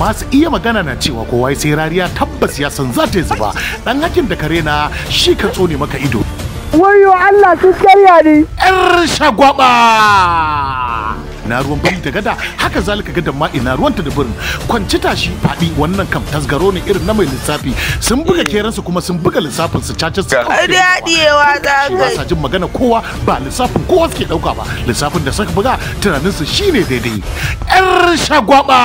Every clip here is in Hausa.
masu iya magana na cewa kowa sai rariya tabbas ya san za ta yi zuba dan hakin da kare na shi ka tsone maka ido wayo Allah sun karya ni yar shagwaba ina ruwan birni ta gada haka zalika gadan ma ina ta da birni kwanci tashi fadi wannan kam tasgaro ne irin na mai lissafi sun buga keran su kuma sun buga lissafin su caca su kawai da ba sa jin magana kowa ba lissafin kowa suke ɗauka ba lissafin da suka buga tunaninsu shine daidai yar shagwaba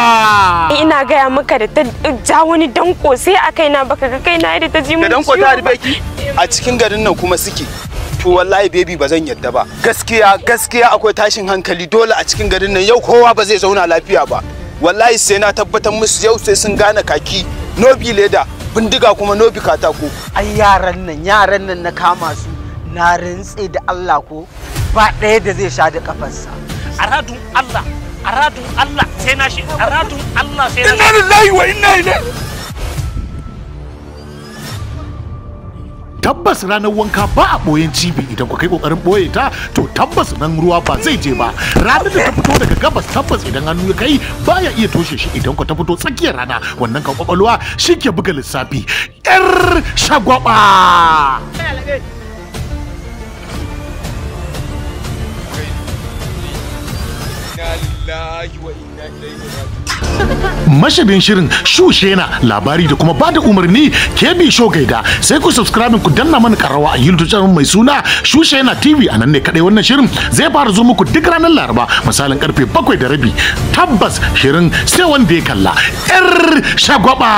ina gaya maka da ta ja wani danko sai a kaina baka ga kaina da ta ji mun ciwo da danko ta a cikin garin nan kuma suke to wallahi baby ba zan yadda ba gaskiya gaskiya akwai tashin hankali dole a cikin garin nan yau kowa ba zai zauna lafiya ba wallahi sai na tabbatar musu yau sai sun gane kaki nobi leda bindiga kuma nobi katako ai yaran nan yaran nan na kama su na rintse da Allah ko ba ɗaya da zai sha da kafarsa aradun Allah aradun Allah sai na shi aradun Allah sai na inna lillahi wa inna ilaihi tabbas ranar wanka ba a boyen cibi idan ku kai kokarin boye ta to tabbas nan ruwa ba zai je ba ranar da ta fito daga gabas tabbas idan hannu ya kai baya iya toshe shi idan ku ta fito tsakiyar rana wannan kan kwakwalwa shi ke buga lissafi yar shagwaba mashabin shirin shushe na labari da kuma ba da umarni bi show gaida sai ku subscribe ku danna mana karawa a youtube channel mai suna shushe na tv a nan ne kadai wannan shirin zai fara zo muku duk ranar laraba misalin karfe bakwai da rabi tabbas shirin sai wanda ya kalla yar shagwaba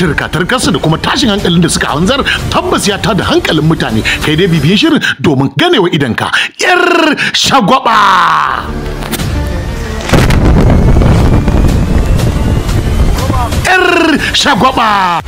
turka turkarsa da kuma tashin hankalin da suka hanzar tabbas ya tada hankalin mutane kai dai bibiyin shirin domin ganewa idanka yar shagwaba 下锅吧。